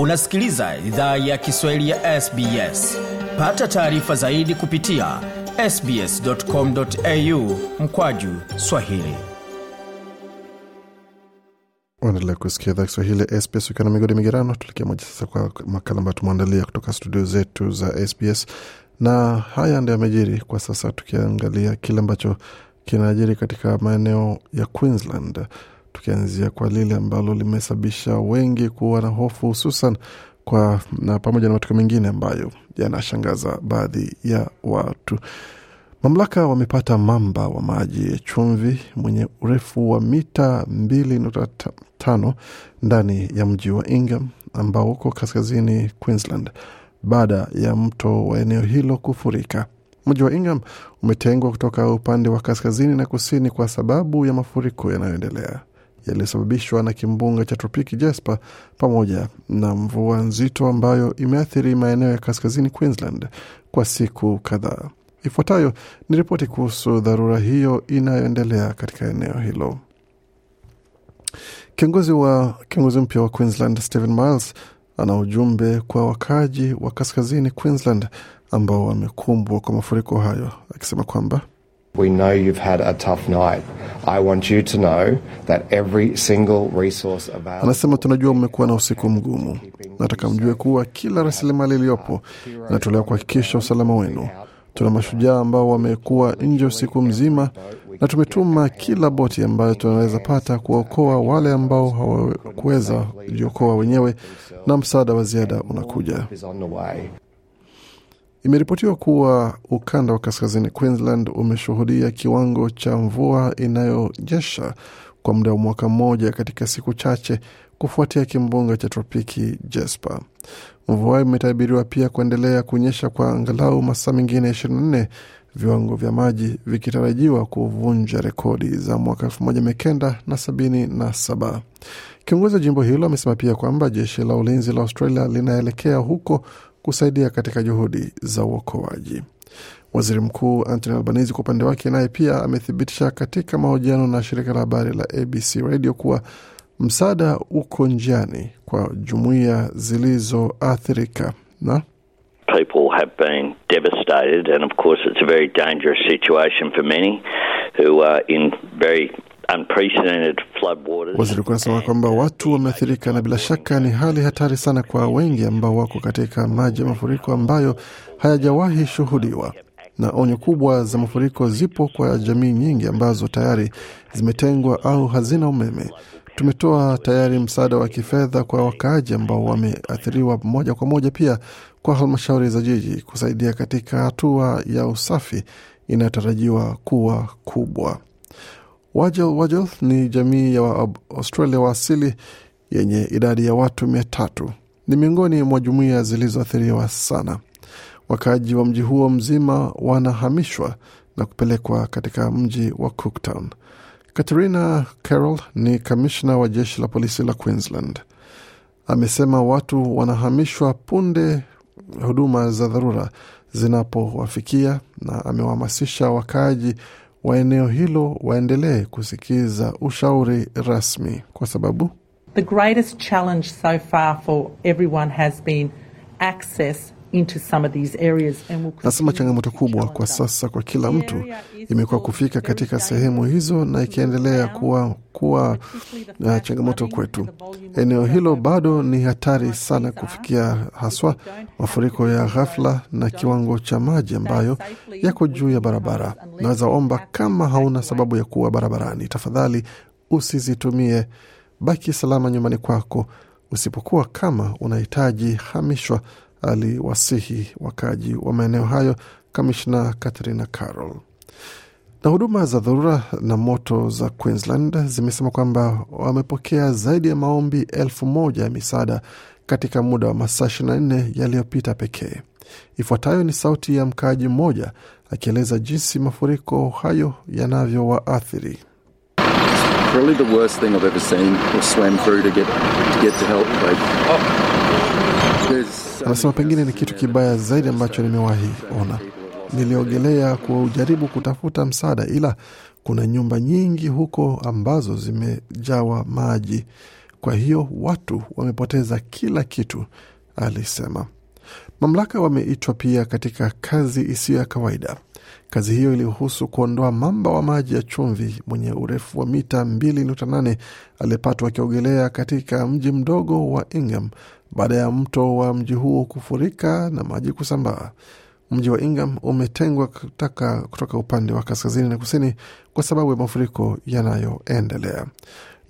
unasikiliza idhaa ya kiswahili ya sbs pata taarifa zaidi kupitia sbscomau mkwaju swahili uendelea kusikia idhaa kiswahili ya sbs ukiwa na migodi migerano tulikia moja sasa kwa makala ambayo tumeandalia kutoka studio zetu za sbs na haya ndio yamejiri kwa sasa tukiangalia kile ambacho kinaajiri katika maeneo ya queensland tukianzia kwa lile ambalo limesababisha wengi kuwa na hofu hususan kwa na pamoja na matukio mengine ambayo yanashangaza baadhi ya watu. Mamlaka wamepata mamba wa maji ya chumvi mwenye urefu wa mita 2.5 ndani ya mji wa ingam ambao uko kaskazini Queensland baada ya mto wa eneo hilo kufurika. Mji wa ingam umetengwa kutoka upande wa kaskazini na kusini kwa sababu ya mafuriko yanayoendelea yaliyosababishwa na kimbunga cha tropiki Jasper pamoja na mvua nzito ambayo imeathiri maeneo ya kaskazini Queensland kwa siku kadhaa. Ifuatayo ni ripoti kuhusu dharura hiyo inayoendelea katika eneo hilo. Kiongozi wa kiongozi mpya wa Queensland Stephen Miles ana ujumbe kwa wakaaji wa kaskazini Queensland ambao wamekumbwa kwa mafuriko hayo, akisema kwamba We know you've had a tough night. Anasema, tunajua mmekuwa na usiku mgumu. Nataka mjue kuwa kila rasilimali iliyopo inatolewa kuhakikisha usalama wenu. Tuna mashujaa ambao wamekuwa nje usiku mzima, na tumetuma kila boti ambayo tunaweza pata kuwaokoa wale ambao hawakuweza kujiokoa wenyewe, na msaada wa ziada unakuja. Imeripotiwa kuwa ukanda wa kaskazini Queensland umeshuhudia kiwango cha mvua inayonyesha kwa muda wa mwaka mmoja katika siku chache kufuatia kimbunga cha tropiki Jesper. Mvua imetabiriwa pia kuendelea kunyesha kwa angalau masaa mengine 24 viwango vya maji vikitarajiwa kuvunja rekodi za mwaka saba. Kiongozi wa jimbo hilo amesema pia kwamba jeshi la ulinzi la Australia linaelekea huko kusaidia katika juhudi za uokoaji. Waziri Mkuu Anthony Albanese kwa upande wake naye pia amethibitisha katika mahojiano na shirika la habari la ABC Radio kuwa msaada uko njiani kwa jumuiya zilizoathirika na who Waziri mkuu anasema kwamba watu wameathirika, na bila shaka ni hali hatari sana kwa wengi ambao wako katika maji ya mafuriko ambayo hayajawahi shuhudiwa, na onyo kubwa za mafuriko zipo kwa jamii nyingi ambazo tayari zimetengwa au hazina umeme. Tumetoa tayari msaada wa kifedha kwa wakaaji ambao wameathiriwa moja kwa moja, pia kwa halmashauri za jiji kusaidia katika hatua ya usafi inayotarajiwa kuwa kubwa. Wajel Wajel ni jamii ya wa Australia wa asili yenye idadi ya watu mia tatu. Ni miongoni mwa jumuiya zilizoathiriwa sana. Wakaaji wa mji huo mzima wanahamishwa na kupelekwa katika mji wa Cooktown. Katerina Carroll ni kamishna wa jeshi la polisi la Queensland, amesema watu wanahamishwa punde huduma za dharura zinapowafikia, na amewahamasisha wakaaji wa eneo hilo waendelee kusikiza ushauri rasmi, kwa sababu the greatest challenge so far for everyone has been access Nasema changamoto kubwa kwa sasa kwa kila mtu imekuwa kufika katika sehemu hizo na ikiendelea kuwa, kuwa uh, changamoto kwetu. Eneo hilo bado ni hatari sana kufikia, haswa mafuriko ya ghafla na kiwango cha maji ambayo yako juu ya barabara. Naweza omba, kama hauna sababu ya kuwa barabarani, tafadhali usizitumie. Baki salama nyumbani kwako, usipokuwa kama unahitaji hamishwa aliwasihi wakaji wa maeneo hayo Kamishna Katrina carol Na huduma za dharura na moto za Queensland zimesema kwamba wamepokea zaidi ya maombi elfu moja ya misaada katika muda wa masaa 24 yaliyopita pekee. Ifuatayo ni sauti ya mkaaji mmoja akieleza jinsi mafuriko hayo yanavyowaathiri. Really the worst thing I've ever seen swam through to get, to get to help like, oh. Anasema pengine ni kitu kibaya zaidi ambacho nimewahi ona. Niliogelea kujaribu kutafuta msaada, ila kuna nyumba nyingi huko ambazo zimejawa maji, kwa hiyo watu wamepoteza kila kitu, alisema. Mamlaka wameitwa pia katika kazi isiyo ya kawaida. Kazi hiyo ilihusu kuondoa mamba wa maji ya chumvi mwenye urefu wa mita 2.8 aliyepatwa akiogelea katika mji mdogo wa ingam baada ya mto wa mji huo kufurika na maji kusambaa. Mji wa ingam umetengwa kutoka, kutoka upande wa kaskazini na kusini kwa sababu ya mafuriko yanayoendelea.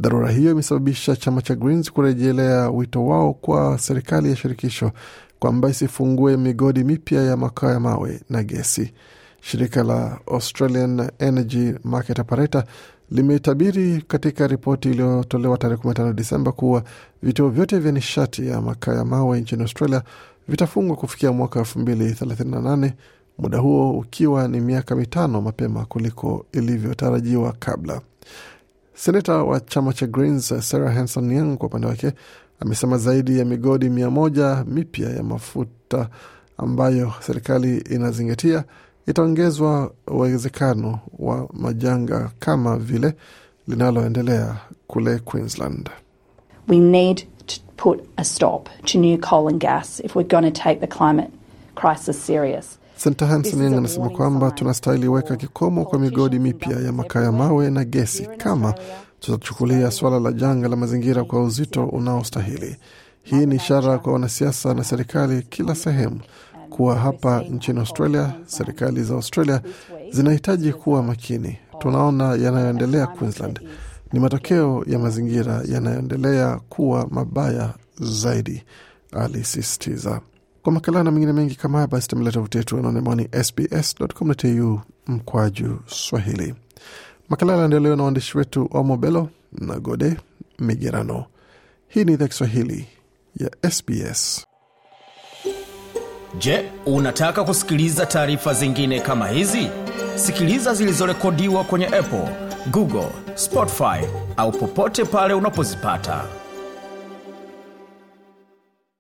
Dharura hiyo imesababisha chama cha Greens kurejelea wito wao kwa serikali ya shirikisho kwamba isifungue migodi mipya ya makaa ya mawe na gesi. Shirika la Australian Energy Market Operator limetabiri katika ripoti iliyotolewa tarehe 15 Disemba kuwa vituo vyote vya nishati ya makaa ya mawe nchini Australia vitafungwa kufikia mwaka 2038, muda huo ukiwa ni miaka mitano mapema kuliko ilivyotarajiwa kabla. senata wa chama cha Greens Sarah Hanson Young kwa upande wake amesema zaidi ya migodi mia moja mipya ya mafuta ambayo serikali inazingatia itaongezwa uwezekano wa majanga kama vile linaloendelea kule Queensland. We need to put a stop to new coal and gas if we're going to take the climate crisis serious. anasema kwamba tunastahili weka kikomo kwa migodi mipya ya makaa ya mawe na gesi kama tutachukulia suala la janga la mazingira kwa uzito unaostahili. Hii ni ishara kwa wanasiasa na serikali kila sehemu kuwa hapa nchini Australia, serikali za Australia zinahitaji kuwa makini. Tunaona yanayoendelea Queensland ni matokeo ya mazingira yanayoendelea kuwa mabaya zaidi, alisisitiza. Kwa makala na mengine mengi kama haya, basi tembelea tovuti yetu anaone sbs.com.au mkwaju Swahili. Makala yanaandaliwa na waandishi wetu Omo Belo na Gode Migerano. Hii ni idhaa Kiswahili ya SBS. Je, unataka kusikiliza taarifa zingine kama hizi? Sikiliza zilizorekodiwa kwenye Apple, Google, Spotify au popote pale unapozipata.